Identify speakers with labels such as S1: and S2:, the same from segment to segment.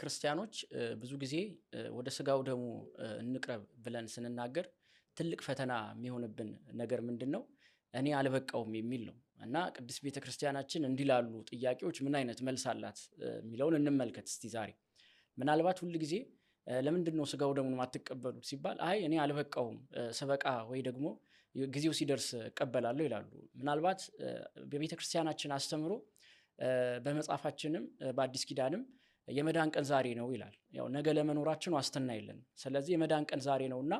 S1: ክርስቲያኖች ብዙ ጊዜ ወደ ስጋው ደሙ እንቅረብ ብለን ስንናገር ትልቅ ፈተና የሚሆንብን ነገር ምንድን ነው? እኔ አልበቃውም የሚል ነው እና ቅድስት ቤተ ክርስቲያናችን እንዲህ ላሉ ጥያቄዎች ምን አይነት መልስ አላት የሚለውን እንመልከት እስቲ ዛሬ። ምናልባት ሁል ጊዜ ለምንድን ነው ስጋው ደሙን ማትቀበሉት ሲባል አይ እኔ አልበቃውም ስበቃ ወይ ደግሞ ጊዜው ሲደርስ እቀበላለሁ ይላሉ። ምናልባት በቤተ ክርስቲያናችን አስተምሮ በመጽሐፋችንም በአዲስ ኪዳንም የመዳን ቀን ዛሬ ነው ይላል። ያው ነገ ለመኖራችን ዋስትና የለንም። ስለዚህ የመዳን ቀን ዛሬ ነውና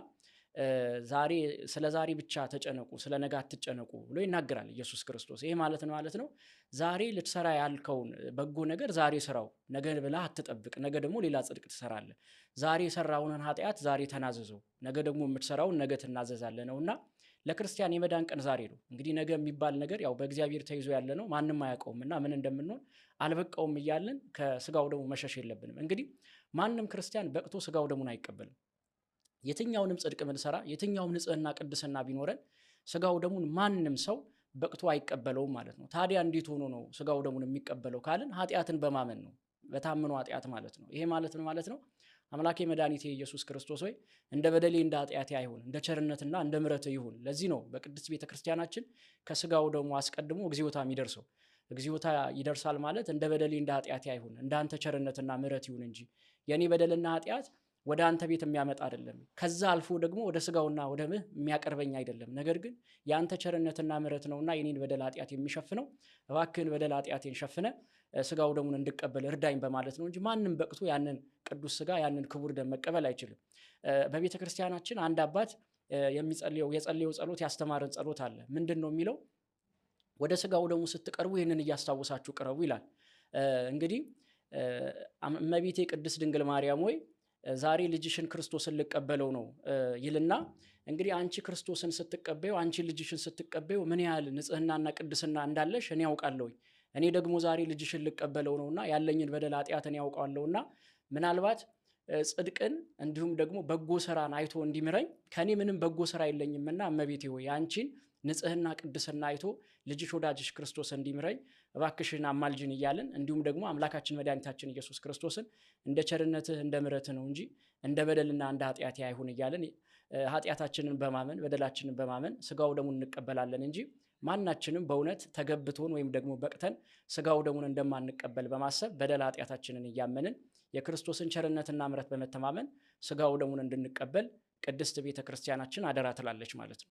S1: ዛሬ ስለ ዛሬ ብቻ ተጨነቁ፣ ስለ ነገ አትጨነቁ ብሎ ይናገራል ኢየሱስ ክርስቶስ። ይሄ ማለት ነው ማለት ነው ዛሬ ልትሰራ ያልከውን በጎ ነገር ዛሬ ስራው፣ ነገ ብላ አትጠብቅ። ነገ ደግሞ ሌላ ጽድቅ ትሰራለህ። ዛሬ የሰራውንን ኃጢአት ዛሬ ተናዘዘው፣ ነገ ደግሞ የምትሰራውን ነገ ትናዘዛለህ ነውና ለክርስቲያን የመዳን ቀን ዛሬ ነው። እንግዲህ ነገ የሚባል ነገር ያው በእግዚአብሔር ተይዞ ያለ ነው፣ ማንም አያውቀውም እና ምን እንደምንሆን አልበቃውም እያለን ከስጋው ደሙ መሸሽ የለብንም። እንግዲህ ማንም ክርስቲያን በቅቶ ስጋው ደሙን አይቀበልም። የትኛውንም ጽድቅ ምንሰራ፣ የትኛውም ንጽህና ቅድስና ቢኖረን ስጋው ደሙን ማንም ሰው በቅቶ አይቀበለውም ማለት ነው። ታዲያ እንዴት ሆኖ ነው ስጋው ደሙን የሚቀበለው ካልን ኃጢአትን በማመን ነው፣ በታምኑ ኃጢአት ማለት ነው። ይሄ ማለት ነው ማለት ነው አምላኬ መድኃኒቴ ኢየሱስ ክርስቶስ ሆይ እንደ በደሌ እንደ ኃጢአቴ አይሁን፣ እንደ ቸርነትና እንደ ምረት ይሁን። ለዚህ ነው በቅድስት ቤተ ክርስቲያናችን ከስጋው ደግሞ አስቀድሞ እግዚኦታ የሚደርሰው። እግዚኦታ ይደርሳል ማለት እንደ በደሌ እንደ ኃጢአቴ አይሁን፣ እንዳንተ ቸርነትና ምረት ይሁን እንጂ የእኔ በደልና ኃጢአት ወደ አንተ ቤት የሚያመጣ አይደለም። ከዛ አልፎ ደግሞ ወደ ስጋውና ወደ ምህ የሚያቀርበኝ አይደለም። ነገር ግን የአንተ ቸርነትና ምሕረት ነውና የኔን በደል ኃጢአት የሚሸፍነው እባክህን በደል ኃጢአቴን ሸፍነ ስጋው ደሙን እንድቀበል እርዳኝ በማለት ነው እንጂ ማንም በቅቶ ያንን ቅዱስ ስጋ ያንን ክቡር ደም መቀበል አይችልም። በቤተ ክርስቲያናችን አንድ አባት የሚጸልየው የጸልየው ጸሎት ያስተማረን ጸሎት አለ። ምንድን ነው የሚለው? ወደ ስጋው ደሙ ስትቀርቡ ይህንን እያስታወሳችሁ ቅረቡ ይላል። እንግዲህ እመቤቴ ቅድስት ድንግል ማርያም ወይ ዛሬ ልጅሽን ክርስቶስን ልቀበለው ነው ይልና እንግዲህ አንቺ ክርስቶስን ስትቀበዩ አንቺ ልጅሽን ስትቀበዩ ምን ያህል ንጽህናና ቅድስና እንዳለሽ እኔ ያውቃለሁኝ። እኔ ደግሞ ዛሬ ልጅሽን ልቀበለው ነውና ያለኝን በደል ኃጢአትን ያውቃለሁና ምናልባት ጽድቅን እንዲሁም ደግሞ በጎ ስራን አይቶ እንዲምረኝ ከእኔ ምንም በጎ ስራ የለኝምና እመቤቴ ሆይ አንቺን ንጽህና ቅድስና አይቶ ልጅሽ ወዳጅሽ ክርስቶስ እንዲምረኝ እባክሽን አማልጅን እያለን እንዲሁም ደግሞ አምላካችን መድኃኒታችን ኢየሱስ ክርስቶስን እንደ ቸርነትህ እንደ ምረት ነው እንጂ እንደ በደልና እንደ ኃጢአት አይሁን እያለን ኃጢአታችንን በማመን በደላችንን በማመን ስጋው ደሙን እንቀበላለን እንጂ ማናችንም በእውነት ተገብቶን ወይም ደግሞ በቅተን ስጋው ደሙን እንደማንቀበል በማሰብ በደል ኃጢአታችንን እያመንን የክርስቶስን ቸርነትና ምረት በመተማመን ስጋው ደሙን እንድንቀበል ቅድስት ቤተ ክርስቲያናችን አደራ ትላለች ማለት ነው።